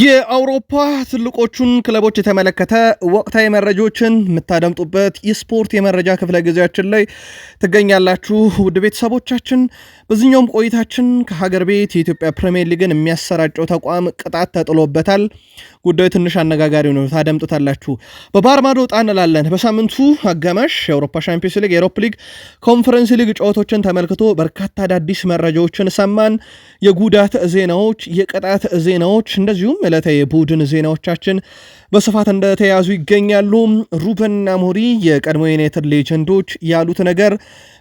የአውሮፓ ትልቆቹን ክለቦች የተመለከተ ወቅታዊ መረጃዎችን የምታደምጡበት የስፖርት የመረጃ ክፍለ ጊዜያችን ላይ ትገኛላችሁ ውድ ቤተሰቦቻችን። በዚኛውም ቆይታችን ከሀገር ቤት የኢትዮጵያ ፕሪምየር ሊግን የሚያሰራጨው ተቋም ቅጣት ተጥሎበታል። ጉዳዩ ትንሽ አነጋጋሪ ነው። ታደምጡታላችሁ። በባህር ማዶ ወጣ እንላለን። በሳምንቱ አጋማሽ የአውሮፓ ሻምፒዮንስ ሊግ፣ የአውሮፓ ሊግ፣ ኮንፈረንስ ሊግ ጨዋታዎችን ተመልክቶ በርካታ አዳዲስ መረጃዎችን ሰማን። የጉዳት ዜናዎች፣ የቅጣት ዜናዎች እንደዚሁም ዕለተ የቡድን ዜናዎቻችን በስፋት እንደተያዙ ይገኛሉ። ሩበን አሞሪ የቀድሞ ዩናይትድ ሌጀንዶች ያሉት ነገር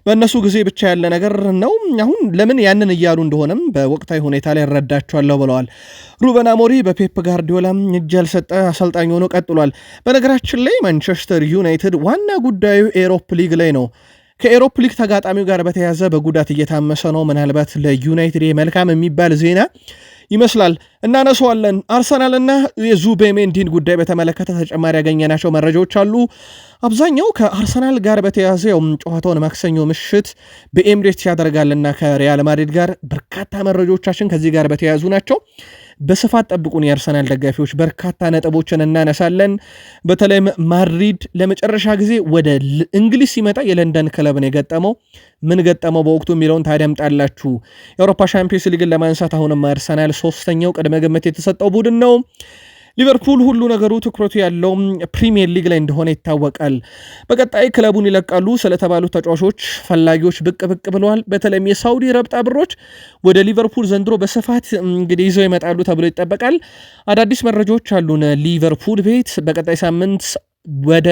በእነሱ ጊዜ ብቻ ያለ ነገር ነው። አሁን ለምን ያንን እያሉ እንደሆነም በወቅታዊ ሁኔታ ላይ እረዳቸዋለሁ ብለዋል። ሩበን አሞሪ በፔፕ ጋርዲዮላም እጅ ያልሰጠ አሰልጣኝ ሆኖ ቀጥሏል። በነገራችን ላይ ማንቸስተር ዩናይትድ ዋና ጉዳዩ ኤሮፕ ሊግ ላይ ነው። ከኤሮፕ ሊግ ተጋጣሚው ጋር በተያያዘ በጉዳት እየታመሰ ነው። ምናልባት ለዩናይትድ መልካም የሚባል ዜና ይመስላል። እናነሷለን። አርሰናልና የዙቤሜንዲን ጉዳይ በተመለከተ ተጨማሪ ያገኘናቸው መረጃዎች አሉ። አብዛኛው ከአርሰናል ጋር በተያያዘው ጨዋታውን ማክሰኞ ምሽት በኤምሬት ያደርጋልና ከሪያል ማድሪድ ጋር በርካታ መረጃዎቻችን ከዚህ ጋር በተያያዙ ናቸው። በስፋት ጠብቁን የአርሰናል ደጋፊዎች፣ በርካታ ነጥቦችን እናነሳለን። በተለይም ማድሪድ ለመጨረሻ ጊዜ ወደ እንግሊዝ ሲመጣ የለንደን ክለብን የገጠመው ምን ገጠመው በወቅቱ የሚለውን ታደምጣላችሁ የአውሮፓ ሻምፒዮንስ ሊግን ለማንሳት አሁንም አርሰናል ሶስተኛው ቅድመ ግምት የተሰጠው ቡድን ነው። ሊቨርፑል ሁሉ ነገሩ ትኩረቱ ያለው ፕሪሚየር ሊግ ላይ እንደሆነ ይታወቃል። በቀጣይ ክለቡን ይለቃሉ ስለተባሉ ተጫዋቾች ፈላጊዎች ብቅ ብቅ ብለዋል። በተለይም የሳውዲ ረብጣ ብሮች ወደ ሊቨርፑል ዘንድሮ በስፋት እንግዲህ ይዘው ይመጣሉ ተብሎ ይጠበቃል። አዳዲስ መረጃዎች አሉን። ሊቨርፑል ቤት በቀጣይ ሳምንት ወደ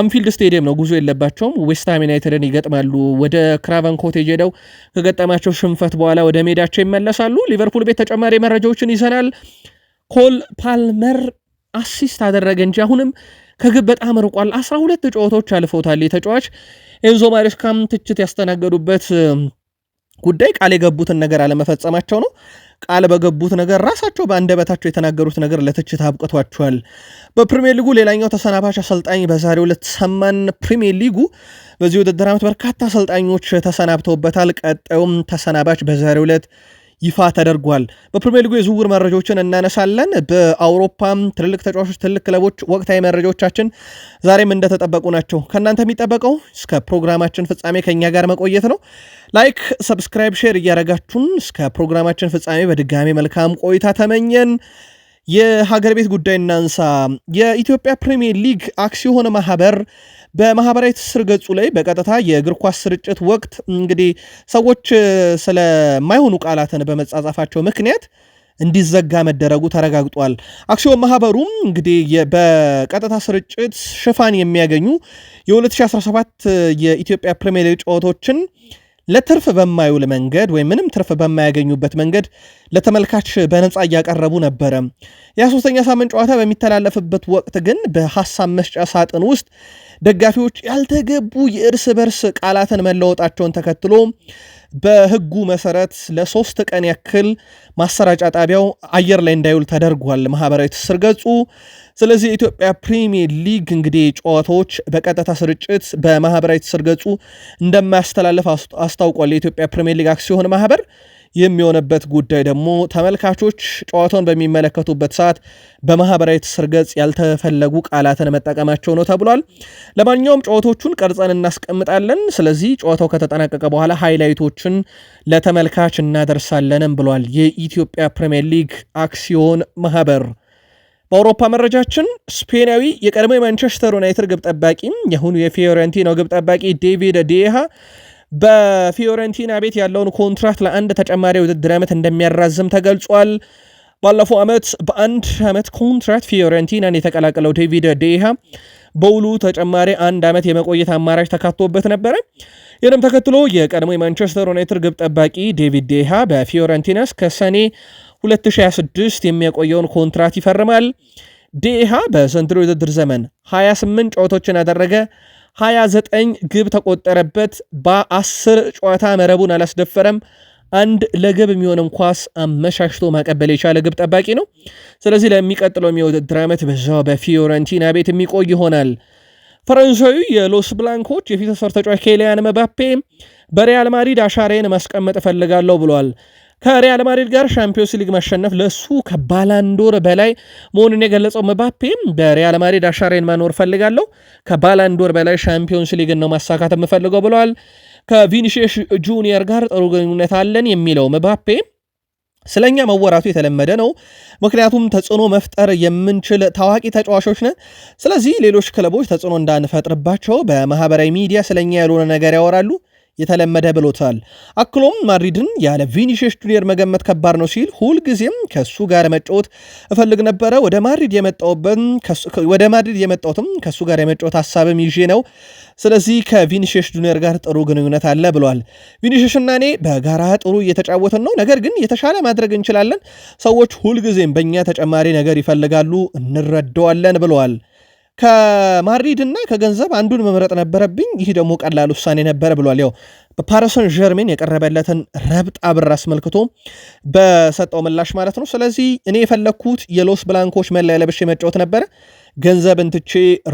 አንፊልድ ስቴዲየም ነው፣ ጉዞ የለባቸውም። ዌስትሃም ዩናይትድን ይገጥማሉ። ወደ ክራቨን ኮቴጅ ሄደው ከገጠማቸው ሽንፈት በኋላ ወደ ሜዳቸው ይመለሳሉ። ሊቨርፑል ቤት ተጨማሪ መረጃዎችን ይዘናል። ኮል ፓልመር አሲስት አደረገ እንጂ አሁንም ከግብ በጣም ርቋል። አስራ ሁለት ጨዋታዎች አልፈውታል። የተጫዋች ኤንዞ ማሬስካም ትችት ያስተናገዱበት ጉዳይ ቃል የገቡትን ነገር አለመፈጸማቸው ነው። ቃል በገቡት ነገር ራሳቸው በአንደበታቸው የተናገሩት ነገር ለትችት አብቅቷቸዋል። በፕሪምየር ሊጉ ሌላኛው ተሰናባሽ አሰልጣኝ በዛሬው ዕለት ሰማን። ፕሪምየር ሊጉ በዚህ ውድድር ዓመት በርካታ አሰልጣኞች ተሰናብተውበታል። ቀጣዩም ተሰናባች በዛሬው ዕለት ይፋ ተደርጓል። በፕሪሚየር ሊጉ የዝውውር መረጃዎችን እናነሳለን። በአውሮፓም ትልልቅ ተጫዋቾች፣ ትልቅ ክለቦች ወቅታዊ መረጃዎቻችን ዛሬም እንደተጠበቁ ናቸው። ከእናንተ የሚጠበቀው እስከ ፕሮግራማችን ፍጻሜ ከእኛ ጋር መቆየት ነው። ላይክ፣ ሰብስክራይብ፣ ሼር እያደረጋችሁን እስከ ፕሮግራማችን ፍጻሜ በድጋሚ መልካም ቆይታ ተመኘን። የሀገር ቤት ጉዳይ እናንሳ። የኢትዮጵያ ፕሪሚየር ሊግ አክሲዮን ማህበር በማህበራዊ ትስስር ገጹ ላይ በቀጥታ የእግር ኳስ ስርጭት ወቅት እንግዲህ ሰዎች ስለማይሆኑ ቃላትን በመጻጻፋቸው ምክንያት እንዲዘጋ መደረጉ ተረጋግጧል። አክሲዮን ማህበሩም እንግዲህ በቀጥታ ስርጭት ሽፋን የሚያገኙ የ2017 የኢትዮጵያ ፕሪሚየር ሊግ ጨዋታዎችን ለትርፍ በማይውል መንገድ ወይም ምንም ትርፍ በማያገኙበት መንገድ ለተመልካች በነፃ እያቀረቡ ነበረ። የሶስተኛ ሳምንት ጨዋታ በሚተላለፍበት ወቅት ግን በሀሳብ መስጫ ሳጥን ውስጥ ደጋፊዎች ያልተገቡ የእርስ በርስ ቃላትን መለወጣቸውን ተከትሎ በሕጉ መሰረት ለሶስት ቀን ያክል ማሰራጫ ጣቢያው አየር ላይ እንዳይውል ተደርጓል። ማህበራዊ ትስስር ገጹ ስለዚህ የኢትዮጵያ ፕሪሚየር ሊግ እንግዲህ ጨዋታዎች በቀጥታ ስርጭት በማህበራዊ ትስስር ገጹ እንደማያስተላልፍ አስታውቋል። የኢትዮጵያ ፕሪሚየር ሊግ አክሲዮን ማህበር የሚሆነበት ጉዳይ ደግሞ ተመልካቾች ጨዋታውን በሚመለከቱበት ሰዓት በማህበራዊ ትስስር ገጽ ያልተፈለጉ ቃላትን መጠቀማቸው ነው ተብሏል። ለማንኛውም ጨዋታዎቹን ቀርጸን እናስቀምጣለን። ስለዚህ ጨዋታው ከተጠናቀቀ በኋላ ሃይላይቶችን ለተመልካች እናደርሳለንም ብሏል የኢትዮጵያ ፕሪምየር ሊግ አክሲዮን ማህበር። በአውሮፓ መረጃችን ስፔናዊ የቀድሞ የማንቸስተር ዩናይትድ ግብ ጠባቂም የአሁኑ የፊዮረንቲናው ግብ ጠባቂ ዴቪድ ዴሃ በፊዮረንቲና ቤት ያለውን ኮንትራክት ለአንድ ተጨማሪ ውድድር ዓመት እንደሚያራዝም ተገልጿል። ባለፈው ዓመት በአንድ ዓመት ኮንትራክት ፊዮረንቲናን የተቀላቀለው ዴቪድ ዴሃ በውሉ ተጨማሪ አንድ ዓመት የመቆየት አማራጭ ተካቶበት ነበረ። ይህንም ተከትሎ የቀድሞ የማንቸስተር ዩናይትድ ግብ ጠባቂ ዴቪድ ዴሃ በፊዮረንቲና እስከ ሰኔ 2026 የሚያቆየውን ኮንትራት ይፈርማል። ዴሃ በዘንድሮ የውድድር ዘመን 28 ጨዋታዎችን ያደረገ 29 ግብ ተቆጠረበት። በ10 ጨዋታ መረቡን አላስደፈረም። አንድ ለግብ የሚሆንም ኳስ አመሻሽቶ ማቀበል የቻለ ግብ ጠባቂ ነው። ስለዚህ ለሚቀጥለው የውድድር ዓመት በዛው በፊዮረንቲና ቤት የሚቆይ ይሆናል። ፈረንሳዊ የሎስ ብላንኮች የፊት መስመር ተጫዋች ኬሊያን መባፔ በሪያል ማድሪድ አሻሬን ማስቀመጥ እፈልጋለሁ ብሏል። ከሪያል ማድሪድ ጋር ሻምፒዮንስ ሊግ ማሸነፍ ለእሱ ከባላንዶር በላይ መሆኑን የገለጸው መባፔም በሪያል ማድሪድ አሻሬን ማኖር ፈልጋለሁ፣ ከባላንዶር በላይ ሻምፒዮንስ ሊግን ነው ማሳካት የምፈልገው ብለዋል። ከቪኒሽስ ጁኒየር ጋር ጥሩ ግንኙነት አለን የሚለው መባፔ ስለኛ መወራቱ የተለመደ ነው፣ ምክንያቱም ተጽዕኖ መፍጠር የምንችል ታዋቂ ተጫዋቾች ነን። ስለዚህ ሌሎች ክለቦች ተጽዕኖ እንዳንፈጥርባቸው በማህበራዊ ሚዲያ ስለኛ ያልሆነ ነገር ያወራሉ የተለመደ ብሎታል። አክሎም ማድሪድን ያለ ቪኒሺየስ ጁኒየር መገመት ከባድ ነው ሲል ሁልጊዜም ከሱ ጋር መጫወት እፈልግ ነበረ። ወደ ማድሪድ ወደ የመጣሁትም ከሱ ጋር የመጫወት ሀሳብም ይዤ ነው። ስለዚህ ከቪኒሽሽ ጁኒየር ጋር ጥሩ ግንኙነት አለ ብሏል። ቪኒሺየስና እኔ በጋራ ጥሩ እየተጫወትን ነው፣ ነገር ግን የተሻለ ማድረግ እንችላለን። ሰዎች ሁልጊዜም በእኛ ተጨማሪ ነገር ይፈልጋሉ፣ እንረደዋለን ብለዋል። ከማድሪድ እና ከገንዘብ አንዱን መምረጥ ነበረብኝ። ይህ ደግሞ ቀላል ውሳኔ ነበረ ብሏል። ያው በፓሪሰን ጀርሜን የቀረበለትን ረብጣ ብር አስመልክቶ በሰጠው ምላሽ ማለት ነው። ስለዚህ እኔ የፈለግኩት የሎስ ብላንኮች መለያ ለብሼ መጫወት ነበረ። ገንዘብን ትቼ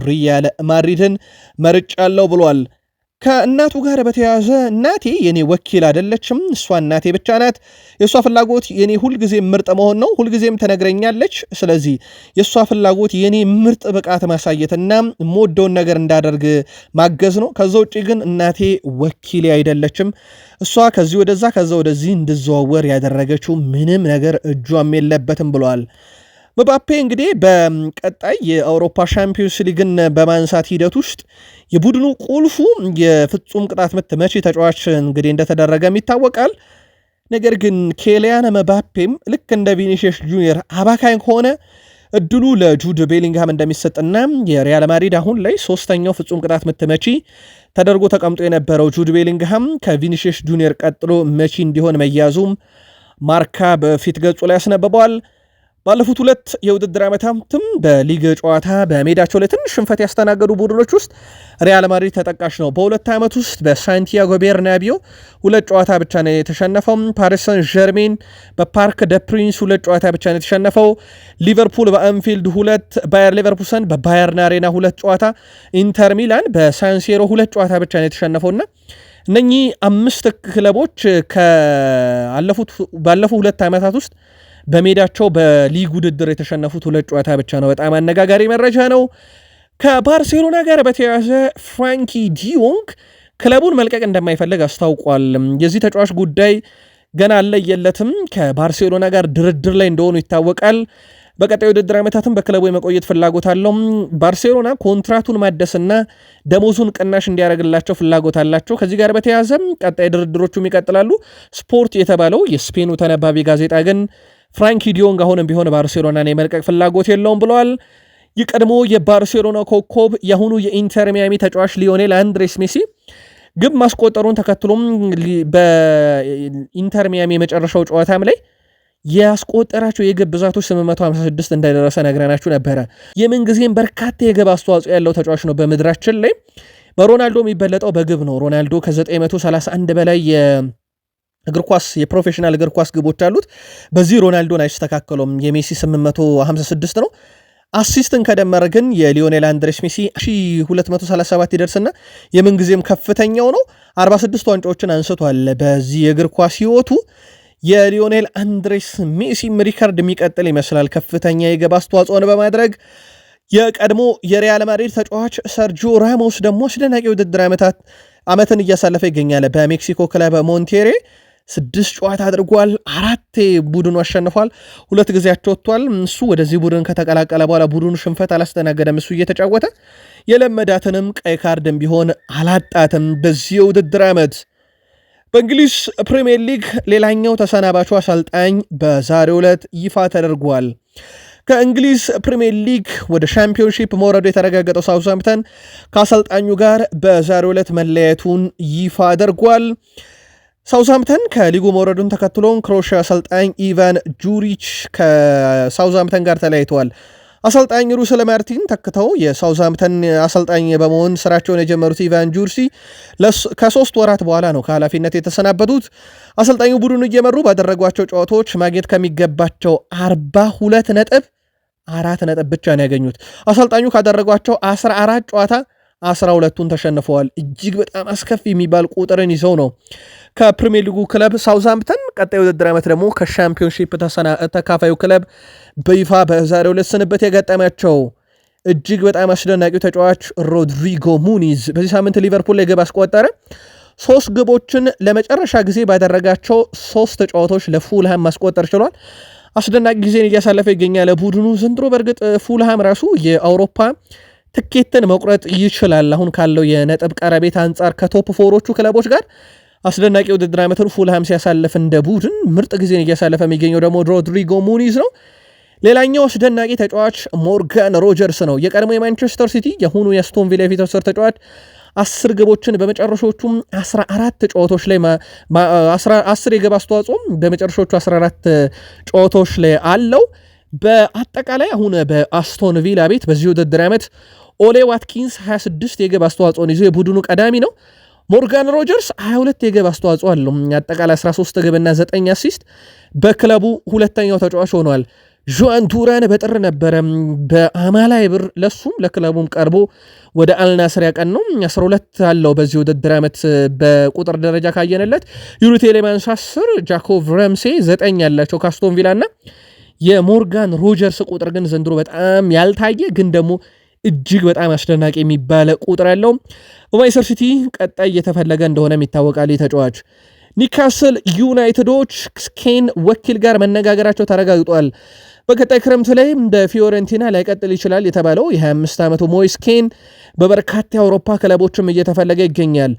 ሪያል ማድሪድን መርጫለሁ ብሏል። ከእናቱ ጋር በተያያዘ እናቴ የኔ ወኪል አይደለችም፣ እሷ እናቴ ብቻ ናት። የእሷ ፍላጎት የኔ ሁልጊዜም ምርጥ መሆን ነው፣ ሁልጊዜም ተነግረኛለች። ስለዚህ የእሷ ፍላጎት የኔ ምርጥ ብቃት ማሳየትና የምወደውን ነገር እንዳደርግ ማገዝ ነው። ከዛ ውጭ ግን እናቴ ወኪሌ አይደለችም። እሷ ከዚህ ወደዛ ከዛ ወደዚህ እንድዘዋወር ያደረገችው ምንም ነገር እጇም የለበትም ብለዋል። መባፔ እንግዲህ በቀጣይ የአውሮፓ ሻምፒዮንስ ሊግን በማንሳት ሂደት ውስጥ የቡድኑ ቁልፉ የፍጹም ቅጣት ምት መቺ ተጫዋች እንግዲህ እንደተደረገም ይታወቃል። ነገር ግን ኬሊያን መባፔም ልክ እንደ ቪኒሽስ ጁኒየር አባካኝ ከሆነ እድሉ ለጁድ ቤሊንግሃም እንደሚሰጥና የሪያል ማድሪድ አሁን ላይ ሶስተኛው ፍጹም ቅጣት ምት መቺ ተደርጎ ተቀምጦ የነበረው ጁድ ቤሊንግሃም ከቪኒሽስ ጁኒየር ቀጥሎ መቺ እንዲሆን መያዙም ማርካ በፊት ገጹ ላይ ያስነብበዋል። ባለፉት ሁለት የውድድር ዓመታትም በሊግ ጨዋታ በሜዳቸው ላይ ትንሽ ሽንፈት ያስተናገዱ ቡድኖች ውስጥ ሪያል ማድሪድ ተጠቃሽ ነው። በሁለት ዓመት ውስጥ በሳንቲያጎ ቤርናቢዮ ሁለት ጨዋታ ብቻ ነው የተሸነፈው። ፓሪሰን ዠርሜን በፓርክ ደ ፕሪንስ ሁለት ጨዋታ ብቻ ነው የተሸነፈው። ሊቨርፑል በአንፊልድ ሁለት፣ ባየር ሊቨርፑሰን በባየርን አሬና ሁለት ጨዋታ፣ ኢንተር ሚላን በሳንሴሮ ሁለት ጨዋታ ብቻ ነው የተሸነፈውና እነኚህ አምስት ክለቦች ባለፉ ሁለት ዓመታት ውስጥ በሜዳቸው በሊግ ውድድር የተሸነፉት ሁለት ጨዋታ ብቻ ነው። በጣም አነጋጋሪ መረጃ ነው። ከባርሴሎና ጋር በተያያዘ ፍራንኪ ዲዮንግ ክለቡን መልቀቅ እንደማይፈልግ አስታውቋል። የዚህ ተጫዋች ጉዳይ ገና አለየለትም። ከባርሴሎና ጋር ድርድር ላይ እንደሆኑ ይታወቃል። በቀጣይ ውድድር ዓመታትም በክለቡ የመቆየት ፍላጎት አለው። ባርሴሎና ኮንትራቱን ማደስና ደሞዙን ቅናሽ እንዲያደርግላቸው ፍላጎት አላቸው። ከዚህ ጋር በተያያዘም ቀጣይ ድርድሮቹም ይቀጥላሉ። ስፖርት የተባለው የስፔኑ ተነባቢ ጋዜጣ ግን ፍራንኪ ዲዮንግ አሁንም ቢሆን ባርሴሎናን የመልቀቅ ፍላጎት የለውም ብለዋል። የቀድሞ የባርሴሎና ኮከብ የአሁኑ የኢንተር ሚያሚ ተጫዋች ሊዮኔል አንድሬስ ሜሲ ግብ ማስቆጠሩን ተከትሎም በኢንተር ሚያሚ የመጨረሻው ጨዋታም ላይ ያስቆጠራቸው የግብ ብዛቶች 856 እንደደረሰ ነግረናችሁ ነበረ። የምንጊዜም በርካታ የግብ አስተዋጽኦ ያለው ተጫዋች ነው። በምድራችን ላይ በሮናልዶ የሚበለጠው በግብ ነው። ሮናልዶ ከ931 በላይ እግር ኳስ የፕሮፌሽናል እግር ኳስ ግቦች አሉት። በዚህ ሮናልዶን አይስተካከሉም። የሜሲ 856 ነው። አሲስትን ከደመረ ግን የሊዮኔል አንድሬስ ሜሲ 237 ይደርስና የምንጊዜም ከፍተኛው ነው። 46 ዋንጫዎችን አንስቷል በዚህ የእግር ኳስ ህይወቱ። የሊዮኔል አንድሬስ ሜሲም ሪከርድ የሚቀጥል ይመስላል ከፍተኛ የገባ አስተዋጽኦን በማድረግ የቀድሞ የሪያል ማድሪድ ተጫዋች ሰርጂዮ ራሞስ ደግሞ አስደናቂ ውድድር ዓመትን እያሳለፈ ይገኛል በሜክሲኮ ክለብ ሞንቴሬ ስድስት ጨዋታ አድርጓል። አራቴ ቡድኑ አሸንፏል። ሁለት ጊዜ አቻ ወጥቷል። እሱ ወደዚህ ቡድን ከተቀላቀለ በኋላ ቡድኑ ሽንፈት አላስተናገደም። እሱ እየተጫወተ የለመዳትንም ቀይ ካርድም ቢሆን አላጣትም በዚህ የውድድር ዓመት። በእንግሊዝ ፕሪምየር ሊግ ሌላኛው ተሰናባቹ አሰልጣኝ በዛሬው ዕለት ይፋ ተደርጓል። ከእንግሊዝ ፕሪምየር ሊግ ወደ ሻምፒዮንሺፕ መውረዱ የተረጋገጠው ሳውዛምፕተን ከአሰልጣኙ ጋር በዛሬው ዕለት መለያየቱን ይፋ አድርጓል። ሳውዝሃምተን ከሊጉ መውረዱን ተከትሎን ክሮሽ አሰልጣኝ ኢቫን ጁሪች ከሳውዝሃምተን ጋር ተለያይተዋል። አሰልጣኝ ሩስለ ማርቲን ተክተው የሳውዝሃምተን አሰልጣኝ በመሆን ስራቸውን የጀመሩት ኢቫን ጁርሲ ከሶስት ወራት በኋላ ነው ከኃላፊነት የተሰናበቱት። አሰልጣኙ ቡድኑ እየመሩ ባደረጓቸው ጨዋታዎች ማግኘት ከሚገባቸው አርባ ሁለት ነጥብ አራት ነጥብ ብቻ ነው ያገኙት። አሰልጣኙ ካደረጓቸው አስራ አራት ጨዋታ አስራ ሁለቱን ተሸንፈዋል። እጅግ በጣም አስከፊ የሚባል ቁጥርን ይዘው ነው ከፕሪሚየር ሊጉ ክለብ ሳውዝሃምፕተን ቀጣይ ውድድር ዓመት ደግሞ ከሻምፒዮንሺፕ ተካፋዩ ክለብ በይፋ በዛሬው ዕለት ስንብት የገጠማቸው። እጅግ በጣም አስደናቂው ተጫዋች ሮድሪጎ ሙኒዝ በዚህ ሳምንት ሊቨርፑል ላይ ግብ አስቆጠረ። ሶስት ግቦችን ለመጨረሻ ጊዜ ባደረጋቸው ሶስት ጨዋታዎች ለፉልሃም ማስቆጠር ችሏል። አስደናቂ ጊዜን እያሳለፈ ይገኛል ቡድኑ ዘንድሮ። በእርግጥ ፉልሃም ራሱ የአውሮፓ ትኬትን መቁረጥ ይችላል። አሁን ካለው የነጥብ ቀረቤት አንጻር ከቶፕ ፎሮቹ ክለቦች ጋር አስደናቂ ውድድር ዓመትን ፉልሃም ሲያሳልፍ እንደ ቡድን ምርጥ ጊዜን እያሳለፈ የሚገኘው ደግሞ ሮድሪጎ ሙኒዝ ነው። ሌላኛው አስደናቂ ተጫዋች ሞርጋን ሮጀርስ ነው። የቀድሞ የማንቸስተር ሲቲ የሁኑ የአስቶን ቪላ የፊት ተጫዋች አስር ግቦችን በመጨረሻዎቹም 14 ጨዋታዎች ላይ አስር የግብ አስተዋጽኦም በመጨረሻዎቹ 14 ጨዋታዎች ላይ አለው። በአጠቃላይ አሁን በአስቶን ቪላ ቤት በዚህ ውድድር ዓመት ኦሌ ዋትኪንስ 26 የግብ አስተዋጽኦን ይዞ የቡድኑ ቀዳሚ ነው። ሞርጋን ሮጀርስ 22 የግብ አስተዋጽኦ አለው። አጠቃላይ 13 ግብና 9 አሲስት በክለቡ ሁለተኛው ተጫዋች ሆኗል። ዣን ቱራን በጥር ነበረ በአማላይ ብር ለሱም ለክለቡም ቀርቦ ወደ አልናስር ያቀን ነው። 12 አለው በዚህ ውድድር ዓመት በቁጥር ደረጃ ካየንለት። ዩሪ ቴሌማንስ 10፣ ጃኮቭ ረምሴ 9 ያላቸው ካስቶን ቪላና የሞርጋን ሮጀርስ ቁጥር ግን ዘንድሮ በጣም ያልታየ ግን ደግሞ እጅግ በጣም አስደናቂ የሚባለ ቁጥር ያለው በማንቸስተር ሲቲ ቀጣይ እየተፈለገ እንደሆነ ይታወቃል። ተጫዋች ኒካስል ዩናይትዶች ስኬን ወኪል ጋር መነጋገራቸው ተረጋግጧል። በቀጣይ ክረምት ላይ እንደ ፊዮረንቲና ላይቀጥል ይችላል የተባለው የ25 ዓመቱ ሞይስ ኬን በበርካታ የአውሮፓ ክለቦችም እየተፈለገ ይገኛል።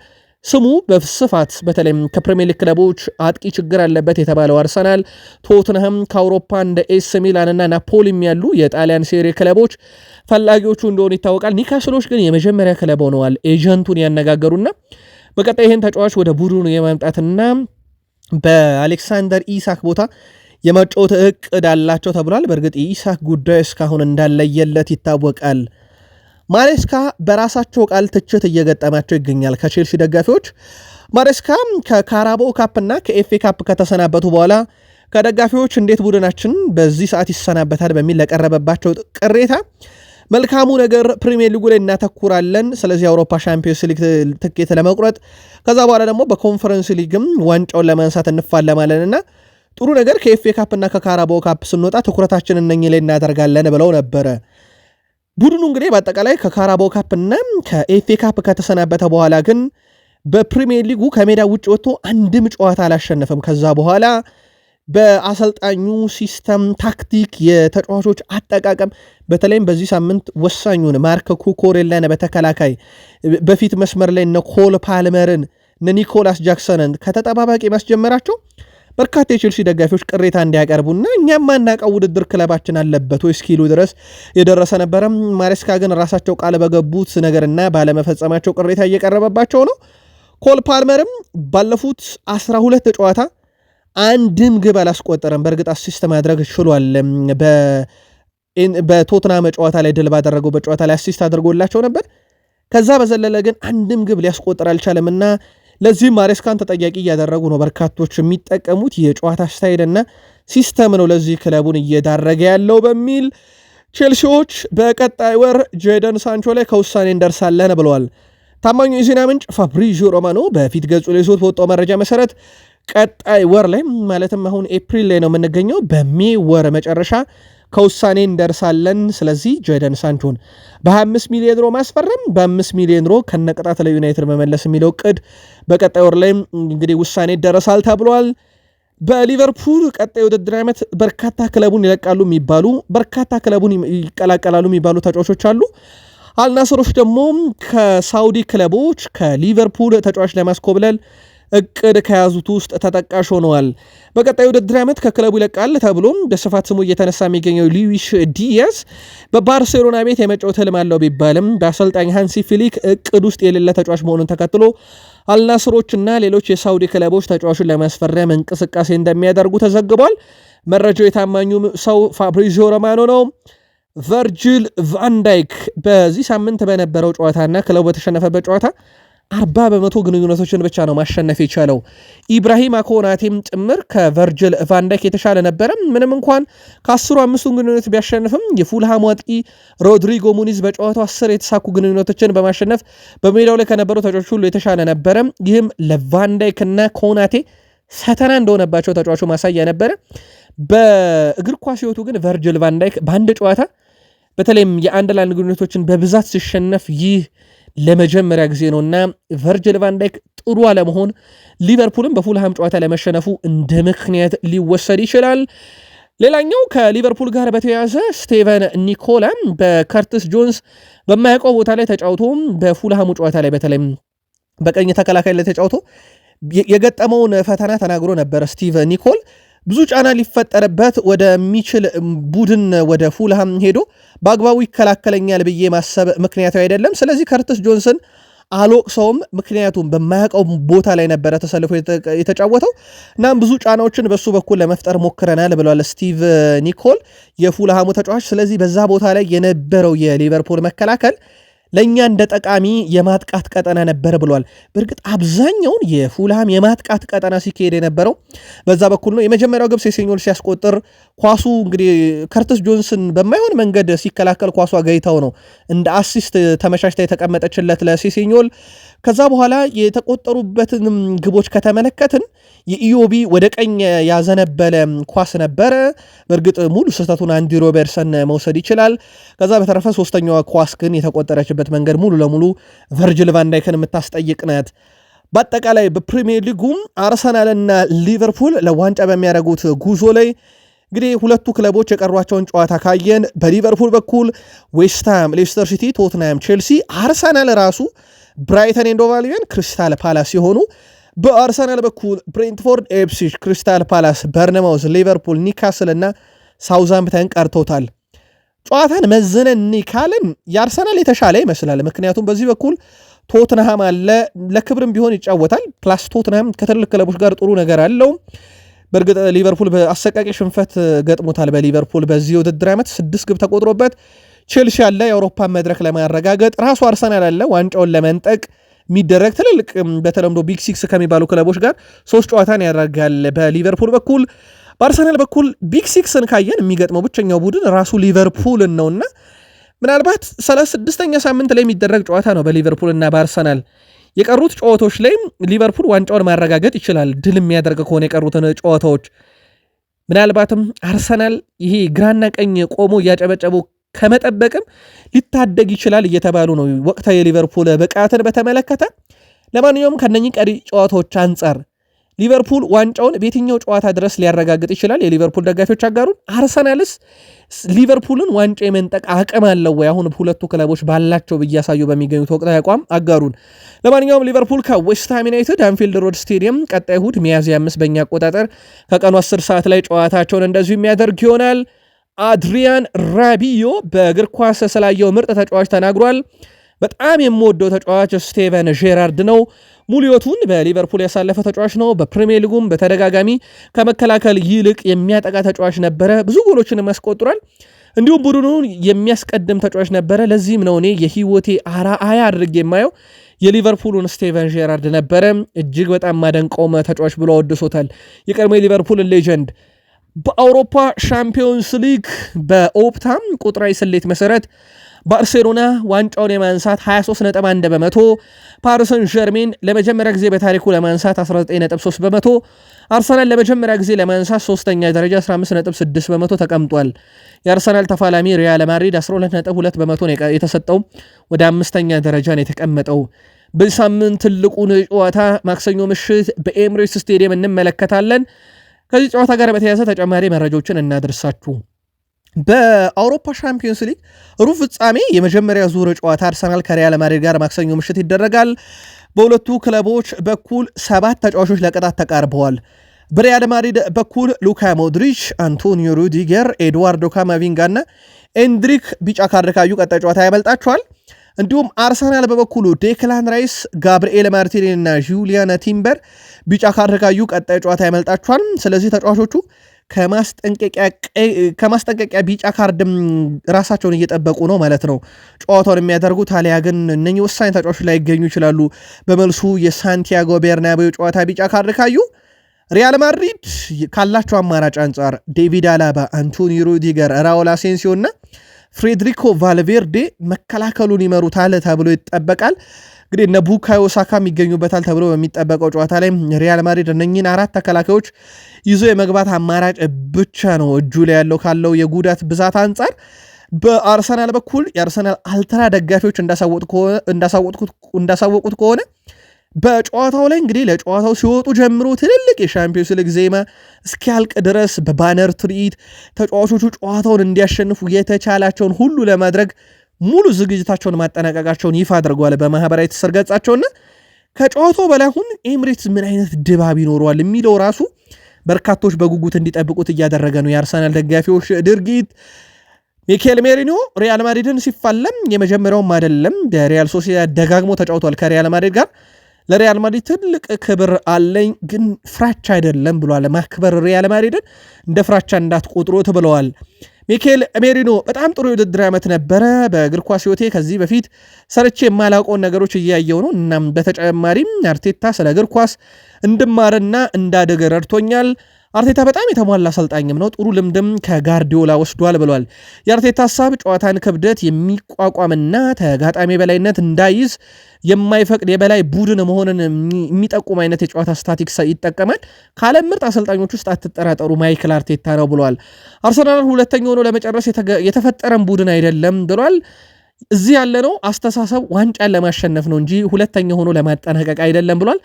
ስሙ በስፋት በተለይም ከፕሪሚየር ሊግ ክለቦች አጥቂ ችግር አለበት የተባለው አርሰናል፣ ቶትንሃም ከአውሮፓ እንደ ኤስ ሚላን እና ናፖሊም ያሉ የጣሊያን ሴሪ ክለቦች ፈላጊዎቹ እንደሆኑ ይታወቃል። ኒካስሎች ግን የመጀመሪያ ክለብ ሆነዋል ኤጀንቱን ያነጋገሩና በቀጣይ ይህን ተጫዋች ወደ ቡድኑ የማምጣትና በአሌክሳንደር ኢሳክ ቦታ የመጫወት እቅድ አላቸው ተብሏል። በእርግጥ የኢሳክ ጉዳይ እስካሁን እንዳለየለት ይታወቃል። ማሬስካ በራሳቸው ቃል ትችት እየገጠማቸው ይገኛል ከቼልሲ ደጋፊዎች። ማሬስካ ከካራቦ ካፕና ከኤፌ ካፕ ከተሰናበቱ በኋላ ከደጋፊዎች እንዴት ቡድናችን በዚህ ሰዓት ይሰናበታል በሚል ለቀረበባቸው ቅሬታ መልካሙ ነገር ፕሪሚየር ሊጉ ላይ እናተኩራለን። ስለዚህ የአውሮፓ ሻምፒዮንስ ሊግ ትኬት ለመቁረጥ ከዛ በኋላ ደግሞ በኮንፈረንስ ሊግም ዋንጫውን ለማንሳት እንፋለማለን እና ጥሩ ነገር ከኤፍኤ ካፕና ከካራቦ ካፕ ስንወጣ ትኩረታችን እነኚህ ላይ እናደርጋለን ብለው ነበረ ቡድኑ እንግዲህ በአጠቃላይ ከካራቦ ካፕ እና ካፕ ከተሰናበተ በኋላ ግን በፕሪሚየር ሊጉ ከሜዳ ውጭ ወጥቶ አንድም ጨዋታ አላሸነፈም። ከዛ በኋላ በአሰልጣኙ ሲስተም፣ ታክቲክ፣ የተጫዋቾች አጠቃቀም በተለይም በዚህ ሳምንት ወሳኙን ማርክ ኩኮሬላን በተከላካይ በፊት መስመር ላይ እነ ኮል ፓልመርን እነ ኒኮላስ ጃክሰንን ከተጠባባቂ ማስጀመራቸው በርካታ የቼልሲ ደጋፊዎች ቅሬታ እንዲያቀርቡና እኛም ማናቀው ውድድር ክለባችን አለበት ወይ እስኪሉ ድረስ የደረሰ ነበረ። ማሬስካ ግን ራሳቸው ቃል በገቡት ነገርና ባለመፈጸማቸው ቅሬታ እየቀረበባቸው ነው። ኮል ፓልመርም ባለፉት 12 ጨዋታ አንድም ግብ አላስቆጠረም። በእርግጥ አሲስት ማድረግ ችሏል። በቶትናም ጨዋታ ላይ ድል ባደረገው በጨዋታ ላይ አሲስት አድርጎላቸው ነበር። ከዛ በዘለለ ግን አንድም ግብ ሊያስቆጥር አልቻለምና ለዚህም ማሬስካን ተጠያቂ እያደረጉ ነው በርካቶች የሚጠቀሙት የጨዋታ ስታይልና ሲስተም ነው ለዚህ ክለቡን እየዳረገ ያለው በሚል ቼልሲዎች በቀጣይ ወር ጄደን ሳንቾ ላይ ከውሳኔ እንደርሳለን ብለዋል። ታማኙ የዜና ምንጭ ፋብሪዚዮ ሮማኖ በፊት ገጹ ላይ ይዞት በወጣው መረጃ መሰረት ቀጣይ ወር ላይ ማለትም አሁን ኤፕሪል ላይ ነው የምንገኘው በሜ ወር መጨረሻ ከውሳኔ እንደርሳለን። ስለዚህ ጆይደን ሳንቾን በ25 ሚሊዮን ሮ ማስፈረም በ5 ሚሊዮን ሮ ከነቅጣት ለዩናይትድ መመለስ የሚለው ቅድ በቀጣይ ወር ላይ እንግዲህ ውሳኔ ይደረሳል ተብሏል። በሊቨርፑል ቀጣይ ውድድር ዓመት በርካታ ክለቡን ይለቃሉ የሚባሉ በርካታ ክለቡን ይቀላቀላሉ የሚባሉ ተጫዋቾች አሉ። አልናስሮች ደግሞ ከሳውዲ ክለቦች ከሊቨርፑል ተጫዋች ለማስኮብለል እቅድ ከያዙት ውስጥ ተጠቃሽ ሆነዋል። በቀጣይ ውድድር ዓመት ከክለቡ ይለቃል ተብሎም በስፋት ስሙ እየተነሳ የሚገኘው ሉዊስ ዲያዝ በባርሴሎና ቤት የመጫወት ህልም አለው ቢባልም በአሰልጣኝ ሃንሲ ፊሊክ እቅድ ውስጥ የሌለ ተጫዋች መሆኑን ተከትሎ አልናስሮችና ሌሎች የሳውዲ ክለቦች ተጫዋቹን ለማስፈረም እንቅስቃሴ እንደሚያደርጉ ተዘግቧል። መረጃው የታማኙ ሰው ፋብሪዚዮ ሮማኖ ነው። ቨርጂል ቫንዳይክ በዚህ ሳምንት በነበረው ጨዋታና ክለቡ በተሸነፈበት ጨዋታ አርባ በመቶ ግንኙነቶችን ብቻ ነው ማሸነፍ የቻለው። ኢብራሂማ ኮናቴም ጭምር ከቨርጅል ቫንዳይክ የተሻለ ነበረ። ምንም እንኳን ከአስሩ አምስቱን ግንኙነት ቢያሸንፍም የፉልሃም አጥቂ ሮድሪጎ ሙኒዝ በጨዋታው አስር የተሳኩ ግንኙነቶችን በማሸነፍ በሜዳው ላይ ከነበሩ ተጫዋቾች ሁሉ የተሻለ ነበረ። ይህም ለቫንዳይክ ኮናቴ ፈተና እንደሆነባቸው ተጫዋቹ ማሳያ ነበረ። በእግር ኳስ ሕይወቱ ግን ቨርጅል ቫንዳይክ በአንድ ጨዋታ በተለይም የአንድ ለአንድ ግንኙነቶችን በብዛት ሲሸነፍ ይህ ለመጀመሪያ ጊዜ ነውና ቨርጅል ቫንዳይክ ጥሩ አለመሆን ሊቨርፑልም በፉልሃም ጨዋታ ለመሸነፉ እንደ ምክንያት ሊወሰድ ይችላል። ሌላኛው ከሊቨርፑል ጋር በተያያዘ ስቴቨን ኒኮላ በከርትስ ጆንስ በማያውቀው ቦታ ላይ ተጫውቶ በፉልሃሙ ጨዋታ ላይ በተለይም በቀኝ ተከላካይ ላይ ተጫውቶ የገጠመውን ፈተና ተናግሮ ነበር ስቲቭ ኒኮል ብዙ ጫና ሊፈጠርበት ወደሚችል ቡድን ወደ ፉልሃም ሄዶ በአግባቡ ይከላከለኛል ብዬ ማሰብ ምክንያታዊ አይደለም። ስለዚህ ከርትስ ጆንሰን አልወቅሰውም፣ ምክንያቱም በማያውቀው ቦታ ላይ ነበረ ተሰልፎ የተጫወተው። እናም ብዙ ጫናዎችን በሱ በኩል ለመፍጠር ሞክረናል ብለዋል ስቲቭ ኒኮል የፉልሃሙ ተጫዋች። ስለዚህ በዛ ቦታ ላይ የነበረው የሊቨርፑል መከላከል ለእኛ እንደ ጠቃሚ የማጥቃት ቀጠና ነበር ብሏል። በእርግጥ አብዛኛውን የፉልሃም የማጥቃት ቀጠና ሲካሄድ የነበረው በዛ በኩል ነው። የመጀመሪያው ግብ ሴሴኞን ሲያስቆጥር ኳሱ እንግዲህ ከርተስ ጆንስን በማይሆን መንገድ ሲከላከል ኳሷ ገይተው ነው እንደ አሲስት ተመሻሽታ የተቀመጠችለት ለሴሴኞል። ከዛ በኋላ የተቆጠሩበትን ግቦች ከተመለከትን የኢዮቢ ወደ ቀኝ ያዘነበለ ኳስ ነበረ። በእርግጥ ሙሉ ስህተቱን አንዲ ሮበርሰን መውሰድ ይችላል። ከዛ በተረፈ ሶስተኛዋ ኳስ ግን የተቆጠረችበት መንገድ ሙሉ ለሙሉ ቨርጅል ቫንዳይክን የምታስጠይቅ ናት። በአጠቃላይ በፕሪሚየር ሊጉም አርሰናልና ሊቨርፑል ለዋንጫ በሚያደርጉት ጉዞ ላይ እንግዲህ ሁለቱ ክለቦች የቀሯቸውን ጨዋታ ካየን በሊቨርፑል በኩል ዌስትሃም፣ ሌስተር ሲቲ፣ ቶትናም፣ ቼልሲ፣ አርሰናል ራሱ ብራይተን ኤንድ ሆቭ አልቢዮን፣ ክሪስታል ፓላስ ሲሆኑ በአርሰናል በኩል ብሬንትፎርድ፣ ኤፕሲች፣ ክሪስታል ፓላስ፣ በርነማውዝ፣ ሊቨርፑል፣ ኒካስል እና ሳውዛምፕተን ቀርቶታል። ጨዋታን መዝነን ካልን የአርሰናል የተሻለ ይመስላል። ምክንያቱም በዚህ በኩል ቶትንሃም አለ፣ ለክብርም ቢሆን ይጫወታል። ፕላስ ቶትንሃም ከትልቅ ክለቦች ጋር ጥሩ ነገር አለው። በእርግጥ ሊቨርፑል በአሰቃቂ ሽንፈት ገጥሞታል። በሊቨርፑል በዚህ ውድድር ዓመት ስድስት ግብ ተቆጥሮበት ቼልሲ ያለ የአውሮፓን መድረክ ለማረጋገጥ ራሱ አርሰናል ያለ ዋንጫውን ለመንጠቅ የሚደረግ ትልልቅ በተለምዶ ቢግ ሲክስ ከሚባሉ ክለቦች ጋር ሶስት ጨዋታን ያደርጋል በሊቨርፑል በኩል። በአርሰናል በኩል ቢግ ሲክስን ካየን የሚገጥመው ብቸኛው ቡድን ራሱ ሊቨርፑልን ነውና ምናልባት 36 ሳምንት ላይ የሚደረግ ጨዋታ ነው በሊቨርፑል እና በአርሰናል የቀሩት ጨዋታዎች ላይ ሊቨርፑል ዋንጫውን ማረጋገጥ ይችላል ድል የሚያደርግ ከሆነ የቀሩትን ጨዋታዎች። ምናልባትም አርሰናል ይሄ ግራና ቀኝ ቆሞ እያጨበጨቡ ከመጠበቅም ሊታደግ ይችላል እየተባሉ ነው ወቅታዊ የሊቨርፑል ብቃትን በተመለከተ። ለማንኛውም ከነኚህ ቀሪ ጨዋታዎች አንጻር ሊቨርፑል ዋንጫውን በየትኛው ጨዋታ ድረስ ሊያረጋግጥ ይችላል? የሊቨርፑል ደጋፊዎች አጋሩን። አርሰናልስ ሊቨርፑልን ዋንጫ የመንጠቅ አቅም አለው ወይ? አሁን ሁለቱ ክለቦች ባላቸው ብያሳዩ በሚገኙት ወቅታዊ አቋም አጋሩን። ለማንኛውም ሊቨርፑል ከዌስትሃም ዩናይትድ አንፊልድ ሮድ ስቴዲየም ቀጣይ እሁድ ሚያዝያ አምስት በእኛ አቆጣጠር ከቀኑ 10 ሰዓት ላይ ጨዋታቸውን እንደዚሁ የሚያደርግ ይሆናል። አድሪያን ራቢዮ በእግር ኳስ ስላየው ምርጥ ተጫዋች ተናግሯል። በጣም የምወደው ተጫዋች ስቴቨን ጄራርድ ነው። ሙሉ በሊቨርፑል ያሳለፈ ተጫዋች ነው። በፕሪሚየር ሊጉም በተደጋጋሚ ከመከላከል ይልቅ የሚያጠቃ ተጫዋች ነበረ። ብዙ ጎሎችንም ያስቆጥሯል። እንዲሁም ቡድኑን የሚያስቀድም ተጫዋች ነበረ። ለዚህም ነው እኔ የህይወቴ አርአያ አድርጌ የማየው የሊቨርፑሉን ስቴቨን ጄራርድ ነበረ። እጅግ በጣም ማደንቀውም ተጫዋች ብሎ አወድሶታል። የቀድሞ የሊቨርፑልን ሌጀንድ በአውሮፓ ሻምፒዮንስ ሊግ በኦፕታም ቁጥራዊ ስሌት መሰረት ባርሴሎና ዋንጫውን የማንሳት 23.1 በመቶ፣ ፓሪሰን ዠርሜን ለመጀመሪያ ጊዜ በታሪኩ ለማንሳት 19.3 በመቶ፣ አርሰናል ለመጀመሪያ ጊዜ ለማንሳት ሶስተኛ ደረጃ 15.6 በመቶ ተቀምጧል። የአርሰናል ተፋላሚ ሪያል ማድሪድ 12.2 በመቶ የተሰጠው ወደ አምስተኛ ደረጃን የተቀመጠው በሳምንት ትልቁን ጨዋታ ማክሰኞ ምሽት በኤምሬትስ ስቴዲየም እንመለከታለን። ከዚህ ጨዋታ ጋር በተያያዘ ተጨማሪ መረጃዎችን እናደርሳችሁ። በአውሮፓ ሻምፒዮንስ ሊግ ሩብ ፍጻሜ የመጀመሪያ ዙር ጨዋታ አርሰናል ከሪያል ማድሪድ ጋር ማክሰኞ ምሽት ይደረጋል። በሁለቱ ክለቦች በኩል ሰባት ተጫዋቾች ለቅጣት ተቃርበዋል። በሪያል ማድሪድ በኩል ሉካ ሞድሪች፣ አንቶኒዮ ሩዲገር፣ ኤድዋርዶ ካማቪንጋ እና ኤንድሪክ ቢጫ ካርድ ካዩ ቀጣይ ጨዋታ ያመልጣቸዋል። እንዲሁም አርሰናል በበኩሉ ዴክላን ራይስ፣ ጋብርኤል ማርቲኔሊ እና ጁሊያና ቲምበር ቢጫ ካርድ ካዩ ቀጣይ ጨዋታ ያመልጣቸዋል። ስለዚህ ተጫዋቾቹ ከማስጠንቀቂያ ቢጫ ካርድም ራሳቸውን እየጠበቁ ነው ማለት ነው ጨዋታውን የሚያደርጉ። ታሊያ ግን እነኚህ ወሳኝ ተጫዋቾች ይገኙ ይችላሉ። በመልሱ የሳንቲያጎ ቤርናቤው ጨዋታ ቢጫ ካርድ ካዩ ሪያል ማድሪድ ካላቸው አማራጭ አንጻር ዴቪድ አላባ፣ አንቶኒ ሩዲገር፣ ራውል አሴንሲዮ እና ፍሬድሪኮ ቫልቬርዴ መከላከሉን ይመሩታል ተብሎ ይጠበቃል። እንግዲህ እነ ቡካዮ ሳካም ይገኙበታል ተብሎ በሚጠበቀው ጨዋታ ላይ ሪያል ማድሪድ እነኝን አራት ተከላካዮች ይዞ የመግባት አማራጭ ብቻ ነው እጁ ላይ ያለው ካለው የጉዳት ብዛት አንጻር። በአርሰናል በኩል የአርሰናል አልትራ ደጋፊዎች እንዳሳወቁት ከሆነ በጨዋታው ላይ እንግዲህ ለጨዋታው ሲወጡ ጀምሮ ትልልቅ የሻምፒዮንስ ሊግ ዜማ እስኪያልቅ ድረስ በባነር ትርኢት ተጫዋቾቹ ጨዋታውን እንዲያሸንፉ የተቻላቸውን ሁሉ ለማድረግ ሙሉ ዝግጅታቸውን ማጠናቀቃቸውን ይፋ አድርጓል በማህበራዊ ትስስር ገጻቸውና ከጨዋታው በላይ አሁን ኤምሬትስ ምን አይነት ድባብ ይኖረዋል የሚለው ራሱ በርካቶች በጉጉት እንዲጠብቁት እያደረገ ነው። የአርሰናል ደጋፊዎች ድርጊት ሚካኤል ሜሪኖ ሪያል ማድሪድን ሲፋለም የመጀመሪያውም አይደለም። በሪያል ሶሲዳድ ደጋግሞ ተጫውቷል ከሪያል ማድሪድ ጋር። ለሪያል ማድሪድ ትልቅ ክብር አለኝ፣ ግን ፍራቻ አይደለም ብሏል። ማክበር ሪያል ማድሪድን እንደ ፍራቻ እንዳትቆጥሮት ብለዋል። ሚኬል ሜሪኖ በጣም ጥሩ የውድድር ዓመት ነበረ። በእግር ኳስ ሕይወቴ ከዚህ በፊት ሰርቼ የማላውቀውን ነገሮች እያየው ነው። እናም በተጨማሪም አርቴታ ስለ እግር ኳስ እንድማርና እንዳድግ ረድቶኛል። አርቴታ በጣም የተሟላ አሰልጣኝም ነው፣ ጥሩ ልምድም ከጋርዲዮላ ወስዷል ብሏል። የአርቴታ ሀሳብ ጨዋታን ክብደት የሚቋቋምና ተጋጣሚ የበላይነት እንዳይዝ የማይፈቅድ የበላይ ቡድን መሆንን የሚጠቁም አይነት የጨዋታ ስታቲክስ ይጠቀማል። ከዓለም ምርጥ አሰልጣኞች ውስጥ አትጠራጠሩ ማይክል አርቴታ ነው ብሏል። አርሰናል ሁለተኛ ሆኖ ለመጨረስ የተፈጠረም ቡድን አይደለም ብሏል። እዚህ ያለነው አስተሳሰብ ዋንጫን ለማሸነፍ ነው እንጂ ሁለተኛ ሆኖ ለማጠናቀቅ አይደለም ብሏል።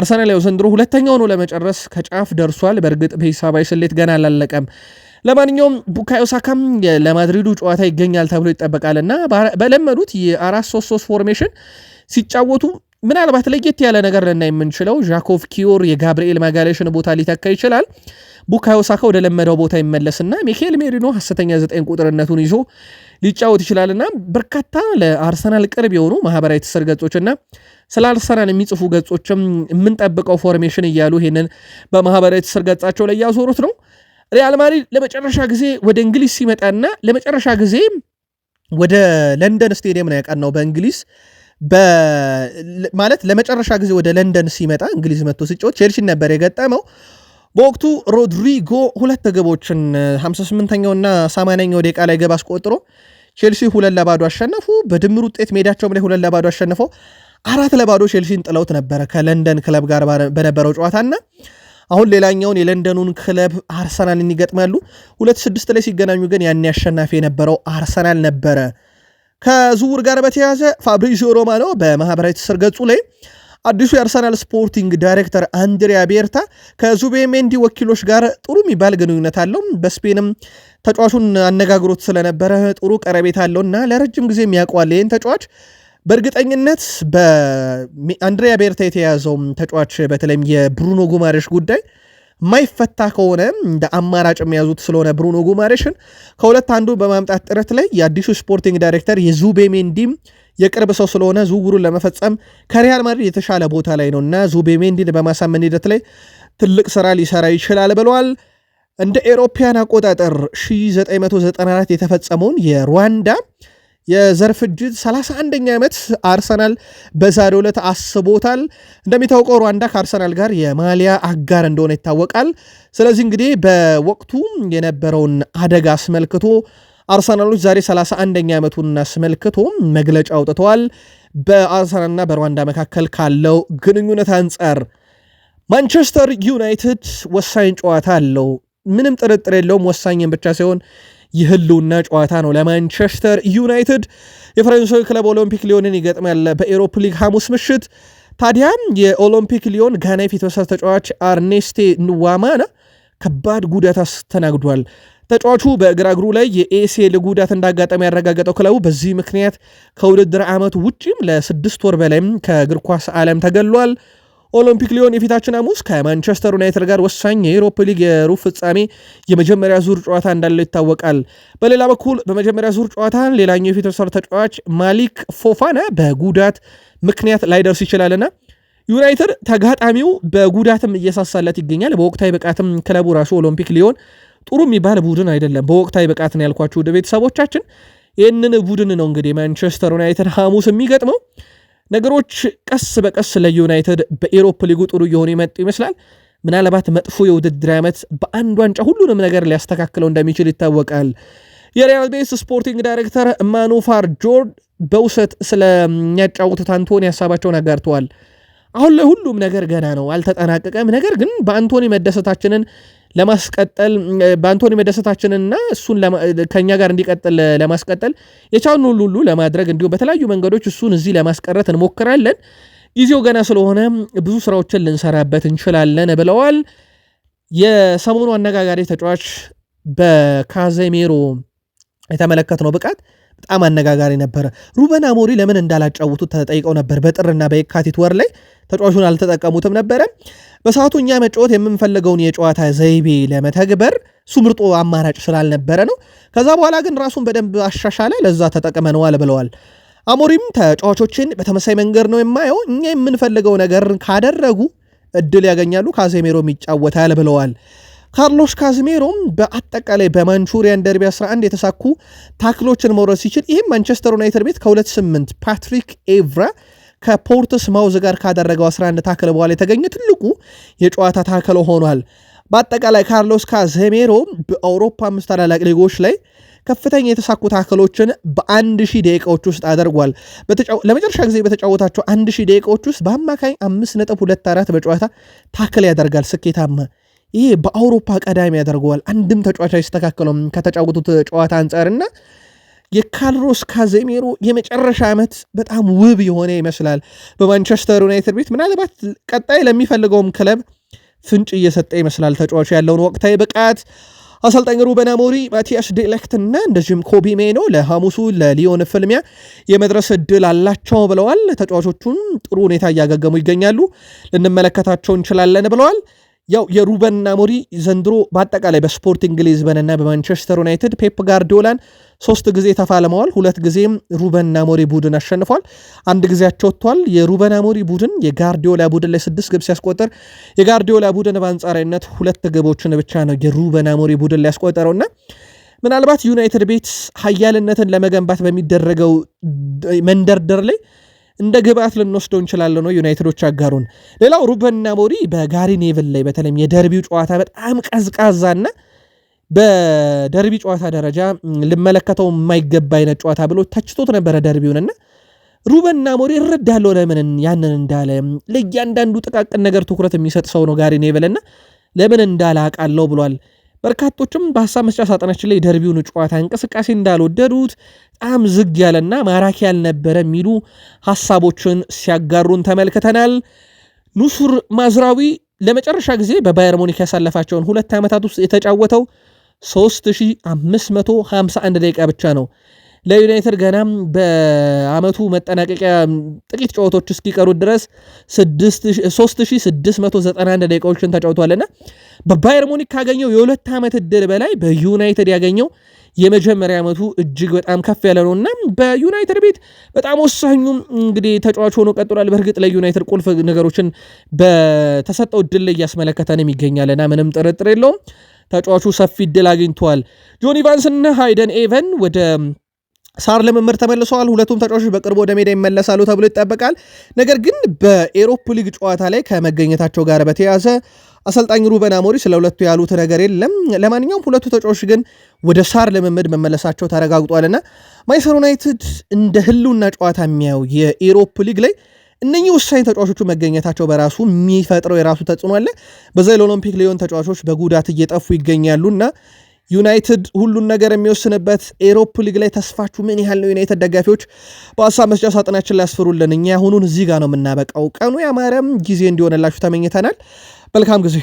አርሰናል ያው ዘንድሮ ሁለተኛው ነው ለመጨረስ ከጫፍ ደርሷል። በእርግጥ በሂሳባዊ ስሌት ገና አላለቀም። ለማንኛውም ቡካዮ ሳካም ለማድሪዱ ጨዋታ ይገኛል ተብሎ ይጠበቃል እና በለመዱት የአራት ሶስት ሶስት ፎርሜሽን ሲጫወቱ ምናልባት ለየት ያለ ነገር ልና የምንችለው ዣኮቭ ኪዮር የጋብርኤል ማጋሌሽን ቦታ ሊተካ ይችላል። ቡካዮ ሳካ ወደ ለመደው ቦታ ይመለስና ሚካኤል ሜሪኖ ሐሰተኛ ዘጠኝ ቁጥርነቱን ይዞ ሊጫወት ይችላልና በርካታ ለአርሰናል ቅርብ የሆኑ ማህበራዊ ትስስር ገጾችና ስለ አርሰናል የሚጽፉ ገጾችም የምንጠብቀው ፎርሜሽን እያሉ ይህንን በማህበራዊ ትስስር ገጻቸው ላይ እያዞሩት ነው። ሪያል ማድሪድ ለመጨረሻ ጊዜ ወደ እንግሊዝ ሲመጣና ለመጨረሻ ጊዜ ወደ ለንደን ስቴዲየም ነው ያቀናው በእንግሊዝ ማለት ለመጨረሻ ጊዜ ወደ ለንደን ሲመጣ እንግሊዝ መጥቶ ሲጫወት ቼልሲን ነበር የገጠመው። በወቅቱ ሮድሪጎ ሁለት ግቦችን 58ኛውና 80ኛው ደቂቃ ላይ ግብ አስቆጥሮ ቼልሲ ሁለት ለባዶ አሸነፉ። በድምር ውጤት ሜዳቸውም ላይ ሁለት ለባዶ አሸንፈው አራት ለባዶ ቼልሲን ጥለውት ነበረ ከለንደን ክለብ ጋር በነበረው ጨዋታና አሁን ሌላኛውን የለንደኑን ክለብ አርሰናልን ይገጥማሉ። ሁለት ስድስት ላይ ሲገናኙ ግን ያኔ አሸናፊ የነበረው አርሰናል ነበረ። ከዝውውር ጋር በተያያዘ ፋብሪዚዮ ሮማኖ በማህበራዊ ትስስር ገጹ ላይ አዲሱ የአርሰናል ስፖርቲንግ ዳይሬክተር አንድሪያ ቤርታ ከዙቤሜንዲ ወኪሎች ጋር ጥሩ የሚባል ግንኙነት አለው። በስፔንም ተጫዋቹን አነጋግሮት ስለነበረ ጥሩ ቀረቤት አለው እና ለረጅም ጊዜ የሚያውቀዋል ይህን ተጫዋች በእርግጠኝነት በአንድሪያ ቤርታ የተያዘው ተጫዋች በተለይም የብሩኖ ጉማሬሽ ጉዳይ ማይፈታ ከሆነ እንደ አማራጭ የሚያዙት ስለሆነ ብሩኖ ጉማሬሽን ከሁለት አንዱ በማምጣት ጥረት ላይ የአዲሱ ስፖርቲንግ ዳይሬክተር የዙቤሜንዲም የቅርብ ሰው ስለሆነ ዝውውሩን ለመፈጸም ከሪያል ማድሪድ የተሻለ ቦታ ላይ ነው እና ዙቤሜንዲን በማሳመን ሂደት ላይ ትልቅ ስራ ሊሰራ ይችላል ብለዋል። እንደ ኤሮፓያን አቆጣጠር 1994 የተፈጸመውን የሩዋንዳ የዘር ፍጅት 31ኛ ዓመት አርሰናል በዛሬው ዕለት አስቦታል። እንደሚታወቀው ሩዋንዳ ከአርሰናል ጋር የማሊያ አጋር እንደሆነ ይታወቃል። ስለዚህ እንግዲህ በወቅቱ የነበረውን አደጋ አስመልክቶ አርሰናሎች ዛሬ 31ኛ ዓመቱን አስመልክቶ መግለጫ አውጥተዋል። በአርሰናልና በሩዋንዳ መካከል ካለው ግንኙነት አንጻር ማንቸስተር ዩናይትድ ወሳኝ ጨዋታ አለው። ምንም ጥርጥር የለውም። ወሳኝም ብቻ ሳይሆን የህልውና ጨዋታ ነው ለማንቸስተር ዩናይትድ። የፈረንሳዊ ክለብ ኦሎምፒክ ሊዮንን ይገጥማል በኤሮፕ ሊግ ሐሙስ ምሽት። ታዲያም የኦሎምፒክ ሊዮን ጋና የፊት ወሳት ተጫዋች አርኔስቴ ንዋማና ከባድ ጉዳት አስተናግዷል። ተጫዋቹ በግራ እግሩ ላይ የኤሲኤል ጉዳት እንዳጋጠመ ያረጋገጠው ክለቡ በዚህ ምክንያት ከውድድር ዓመቱ ውጪም ለስድስት ወር በላይም ከእግር ኳስ ዓለም ተገሏል። ኦሎምፒክ ሊዮን የፊታችን ሐሙስ ከማንቸስተር ዩናይትድ ጋር ወሳኝ የዩሮፕ ሊግ የሩብ ፍጻሜ የመጀመሪያ ዙር ጨዋታ እንዳለው ይታወቃል። በሌላ በኩል በመጀመሪያ ዙር ጨዋታ ሌላኛው የፊት ሰር ተጫዋች ማሊክ ፎፋና በጉዳት ምክንያት ላይደርስ ይችላልና ዩናይትድ ተጋጣሚው በጉዳትም እየሳሳለት ይገኛል። በወቅታዊ ብቃትም ክለቡ ራሱ ኦሎምፒክ ሊዮን ጥሩ የሚባል ቡድን አይደለም። በወቅታዊ ብቃት ነው ያልኳችሁ ወደ ቤተሰቦቻችን ይህንን ቡድን ነው እንግዲህ ማንቸስተር ዩናይትድ ሐሙስ የሚገጥመው። ነገሮች ቀስ በቀስ ለዩናይትድ በኤሮፕ ሊጉ ጥሩ እየሆኑ ይመጡ ይመስላል። ምናልባት መጥፎ የውድድር ዓመት በአንድ ዋንጫ ሁሉንም ነገር ሊያስተካክለው እንደሚችል ይታወቃል። የሪያል ቤስ ስፖርቲንግ ዳይሬክተር ማኑፋር ጆርድ በውሰት ስለሚያጫውቱት አንቶኒ ሀሳባቸውን አጋርተዋል። አሁን ላይ ሁሉም ነገር ገና ነው፣ አልተጠናቀቀም። ነገር ግን በአንቶኒ መደሰታችንን ለማስቀጠል በአንቶኒ መደሰታችንና እሱን ከእኛ ጋር እንዲቀጥል ለማስቀጠል የቻውን ሁሉ ሁሉ ለማድረግ እንዲሁም በተለያዩ መንገዶች እሱን እዚህ ለማስቀረት እንሞክራለን። ጊዜው ገና ስለሆነ ብዙ ስራዎችን ልንሰራበት እንችላለን ብለዋል። የሰሞኑ አነጋጋሪ ተጫዋች በካዜሜሮ የተመለከትነው ብቃት በጣም አነጋጋሪ ነበረ። ሩበን አሞሪ ለምን እንዳላጫወቱት ተጠይቀው ነበር። በጥርና በየካቲት ወር ላይ ተጫዋቹን አልተጠቀሙትም ነበረ። በሰዓቱ እኛ መጫወት የምንፈልገውን የጨዋታ ዘይቤ ለመተግበር እሱ አማራጭ ስላልነበረ ነው። ከዛ በኋላ ግን ራሱን በደንብ አሻሻለ። ለዛ ተጠቅመነዋል ብለዋል። አሞሪም ተጫዋቾችን በተመሳይ መንገድ ነው የማየው። እኛ የምንፈልገው ነገር ካደረጉ እድል ያገኛሉ፣ ካዜሜሮም ይጫወታል ብለዋል። ካርሎስ ካዝሜሮም በአጠቃላይ በማንቹሪያን ደርቢ 11 የተሳኩ ታክሎችን መውረድ ሲችል ይህም ማንቸስተር ዩናይትድ ቤት ከ28 ፓትሪክ ኤቭራ ከፖርትስ ማውዝ ጋር ካደረገው 11 ታክል በኋላ የተገኘ ትልቁ የጨዋታ ታክል ሆኗል። በአጠቃላይ ካርሎስ ካዘሜሮ በአውሮፓ አምስት ታላላቅ ሊጎች ላይ ከፍተኛ የተሳኩ ታክሎችን በአንድ ሺህ ደቂቃዎች ውስጥ አድርጓል። ለመጨረሻ ጊዜ በተጫወታቸው አንድ ሺህ ደቂቃዎች ውስጥ በአማካኝ አራት በጨዋታ ታክል ያደርጋል ስኬታማ ይሄ በአውሮፓ ቀዳሚ ያደርገዋል። አንድም ተጫዋች አይስተካከለውም ከተጫወቱት ጨዋታ አንጻርና የካርሎስ ካዜሜሮ የመጨረሻ ዓመት በጣም ውብ የሆነ ይመስላል። በማንቸስተር ዩናይትድ ቤት ምናልባት ቀጣይ ለሚፈልገውም ክለብ ፍንጭ እየሰጠ ይመስላል። ተጫዋቹ ያለውን ወቅታዊ ብቃት አሰልጣኝ ሩበን አሞሪ፣ ማቲያስ ዴሌክት እና እንደዚሁም ኮቢ ሜኖ ለሐሙሱ ለሊዮን ፍልሚያ የመድረስ እድል አላቸው ብለዋል። ተጫዋቾቹን ጥሩ ሁኔታ እያገገሙ ይገኛሉ፣ ልንመለከታቸው እንችላለን ብለዋል። ያው የሩበን አሞሪ ዘንድሮ በአጠቃላይ በስፖርቲንግ ሊዝበንና በማንቸስተር ዩናይትድ ፔፕ ጋርዲዮላን ሶስት ጊዜ ተፋልመዋል። ሁለት ጊዜም ሩበን አሞሪ ቡድን አሸንፏል። አንድ ጊዜ አቻ ወጥቷል። የሩበን አሞሪ ቡድን የጋርዲዮላ ቡድን ላይ ስድስት ግብ ሲያስቆጠር የጋርዲዮላ ቡድን በአንጻራዊነት ሁለት ግቦችን ብቻ ነው የሩበን አሞሪ ቡድን ላይ ያስቆጠረውና ምናልባት ዩናይትድ ቤት ሀያልነትን ለመገንባት በሚደረገው መንደርደር ላይ እንደ ግብአት ልንወስደው እንችላለን ነው ዩናይትዶች አጋሩን። ሌላው ሩበን አሞሪ በጋሪ ኔቭል ላይ በተለይም የደርቢው ጨዋታ በጣም ቀዝቃዛና በደርቢ ጨዋታ ደረጃ ልመለከተው የማይገባ አይነት ጨዋታ ብሎ ተችቶት ነበረ ደርቢውንና ሩበን አሞሪ እረዳለሁ ለምንን ያንን እንዳለ ለእያንዳንዱ ጥቃቅን ነገር ትኩረት የሚሰጥ ሰው ነው ጋሪ ኔቭልና ለምን እንዳለ አውቃለሁ ብሏል። በርካቶችም በሀሳብ መስጫ ሳጥናችን ላይ ደርቢውን ጨዋታ እንቅስቃሴ እንዳልወደዱት በጣም ዝግ ያለና ማራኪ ያልነበረ የሚሉ ሀሳቦችን ሲያጋሩን ተመልክተናል። ኑሱር ማዝራዊ ለመጨረሻ ጊዜ በባየር ሙኒክ ያሳለፋቸውን ሁለት ዓመታት ውስጥ የተጫወተው 3551 ደቂቃ ብቻ ነው። ለዩናይትድ ገና በአመቱ መጠናቀቂያ ጥቂት ጨዋታዎች እስኪቀሩት ድረስ 3691 ደቂቃዎችን ተጫውቷልና በባየር ሙኒክ ካገኘው የሁለት ዓመት እድል በላይ በዩናይትድ ያገኘው የመጀመሪያ ዓመቱ እጅግ በጣም ከፍ ያለ ነው እና በዩናይትድ ቤት በጣም ወሳኙ እንግዲህ ተጫዋች ሆኖ ቀጥሏል። በእርግጥ ለዩናይትድ ቁልፍ ነገሮችን በተሰጠው እድል ላይ እያስመለከተንም ይገኛልና ምንም ጥርጥር የለውም ተጫዋቹ ሰፊ እድል አግኝተዋል። ጆን ኢቫንስ እና ሃይደን ኤቨን ወደ ሳር ልምምድ ተመልሰዋል። ሁለቱም ተጫዋቾች በቅርቡ ወደ ሜዳ ይመለሳሉ ተብሎ ይጠበቃል። ነገር ግን በኤሮፕ ሊግ ጨዋታ ላይ ከመገኘታቸው ጋር በተያያዘ አሰልጣኝ ሩበን አሞሪ ስለ ሁለቱ ያሉት ነገር የለም። ለማንኛውም ሁለቱ ተጫዋቾች ግን ወደ ሳር ልምምድ መመለሳቸው ተረጋግጧልና ማንችስተር ዩናይትድ እንደ ህልውና ጨዋታ የሚያየው የኤሮፕ ሊግ ላይ እነኚህ ወሳኝ ተጫዋቾቹ መገኘታቸው በራሱ የሚፈጥረው የራሱ ተጽዕኖ አለ። በዛ ለኦሎምፒክ ሊዮን ተጫዋቾች በጉዳት እየጠፉ ይገኛሉና ዩናይትድ ሁሉን ነገር የሚወስንበት ኤሮፕ ሊግ ላይ ተስፋችሁ ምን ያህል ነው? ዩናይትድ ደጋፊዎች በሀሳብ መስጫ ሳጥናችን ላይ ያስፍሩልን። እኛ አሁኑን እዚህ ጋር ነው የምናበቃው። ቀኑ ያማረም ጊዜ እንዲሆንላችሁ ተመኝተናል። መልካም ጊዜ